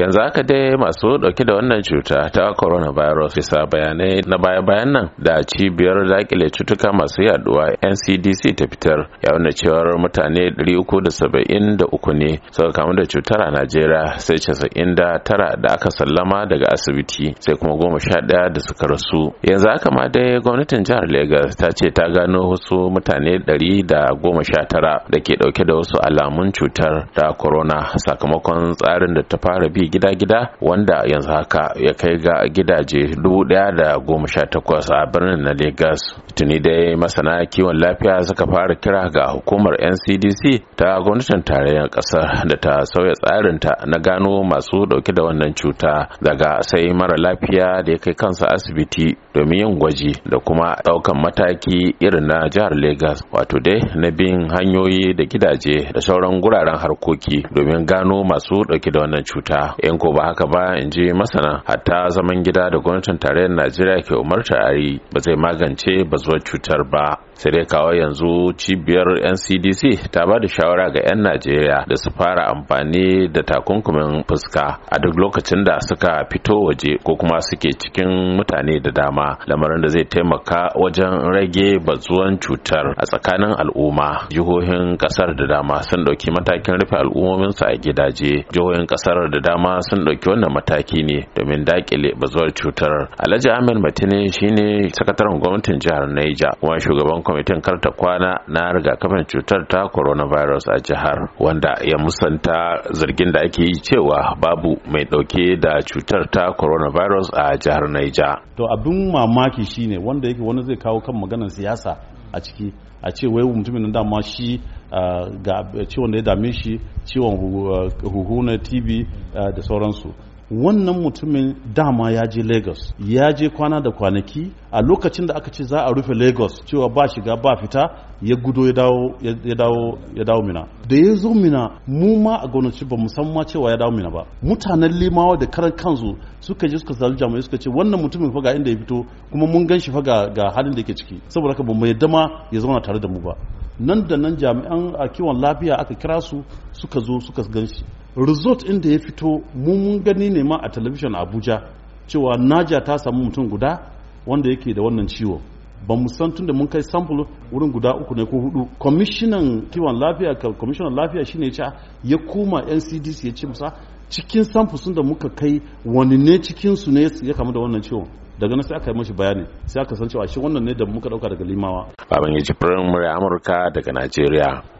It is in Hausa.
yanzu haka dai masu dauke da wannan cuta ta coronavirus bisa bayanai na baya-bayan nan da cibiyar dakile cutuka masu yaduwa ncdc ta fitar ya nuna cewar mutane 373 ne suka kamu da cutar a najeriya sai 99 da aka sallama daga asibiti sai kuma goma sha 11 da suka rasu yanzu haka ma dai gwamnatin jihar Legas ta ce ta gano wasu mutane 119 da ke dauke da wasu alamun cutar ta corona sakamakon tsarin da ta fara bi Gidagida, gida-gida wanda yanzu haka ya kai ga gidaje dubu da goma sha takwas a birnin na Legas. Tuni dai masana kiwon lafiya suka fara kira ga hukumar NCDC ta gwamnatin tarayyar ƙasar da ta sauya tsarinta na gano masu ɗauke da wannan cuta daga sai mara lafiya da ya kai kansa asibiti domin yin gwaji da kuma ɗaukan mataki irin na jihar Legas wato dai na bin hanyoyi da gidaje da sauran guraren harkoki domin gano masu ɗauke da wannan cuta. Yan in ko ba haka ba in ji masana hatta zaman gida da gwamnatin tarayyar najeriya ke umarta a yi ba zai magance bazuwar cutar ba sai dai kawo yanzu cibiyar ncdc ta ba da shawara ga 'yan najeriya da su fara amfani da takunkumin fuska a duk lokacin da suka fito waje ko kuma suke cikin mutane da dama lamarin da zai taimaka wajen rage bazuwan cutar a tsakanin al'umma jihohin kasar da dama sun ɗauki matakin rufe al'ummominsu a gidaje jihohin kasar da dama sun ɗauki wannan mataki ne domin dakile bazuwar cutar alhaji ahmed matine shine sakataren gwamnatin jihar niger kuma shugaban kwamitin karta kwana na rigakafin cutar ta coronavirus a jihar wanda ya musanta zargin da ake yi cewa babu mai dauke da cutar ta coronavirus a jihar Naija. To abin mamaki shine wanda yake wani zai kawo kan maganar siyasa a ciki a ce wai mutumin nan ma shi ga ciwon da ya dame shi ciwon huhu na TB da sauransu. wannan mutumin dama ya je lagos ya je kwana da kwanaki a lokacin da aka ce za a rufe lagos cewa ba shiga ba fita ya gudo ya dawo ya dawo ya dawo mina da ya zo mina mu ma a gwamnati ba san ma cewa ya dawo mina ba mutanen limawa da karan kansu suka je suka zalu jami'ai suka ce wannan mutumin fa ga inda ya fito kuma mun gan shi fa ga halin da yake ciki saboda haka bamu yadda ma ya zauna tare da mu ba nan da nan jami'an a kiwon lafiya aka kira su suka zo suka gan shi result da ya fito mun gani ne ma a television abuja cewa naja ta samu mutum guda wanda yake da wannan ciwo ba mu san tunda mun kai sample wurin guda uku ne ko hudu kwamishinan kiwon lafiya kwamishinan lafiya shine ya ya koma ncdc ya ce musa cikin sample sun da muka kai wani ne cikin su ne ya kamu da wannan ciwon daga nan sai aka yi mashi bayani sai aka san cewa shi wannan ne da muka dauka daga limawa baban ya ji amurka daga najeriya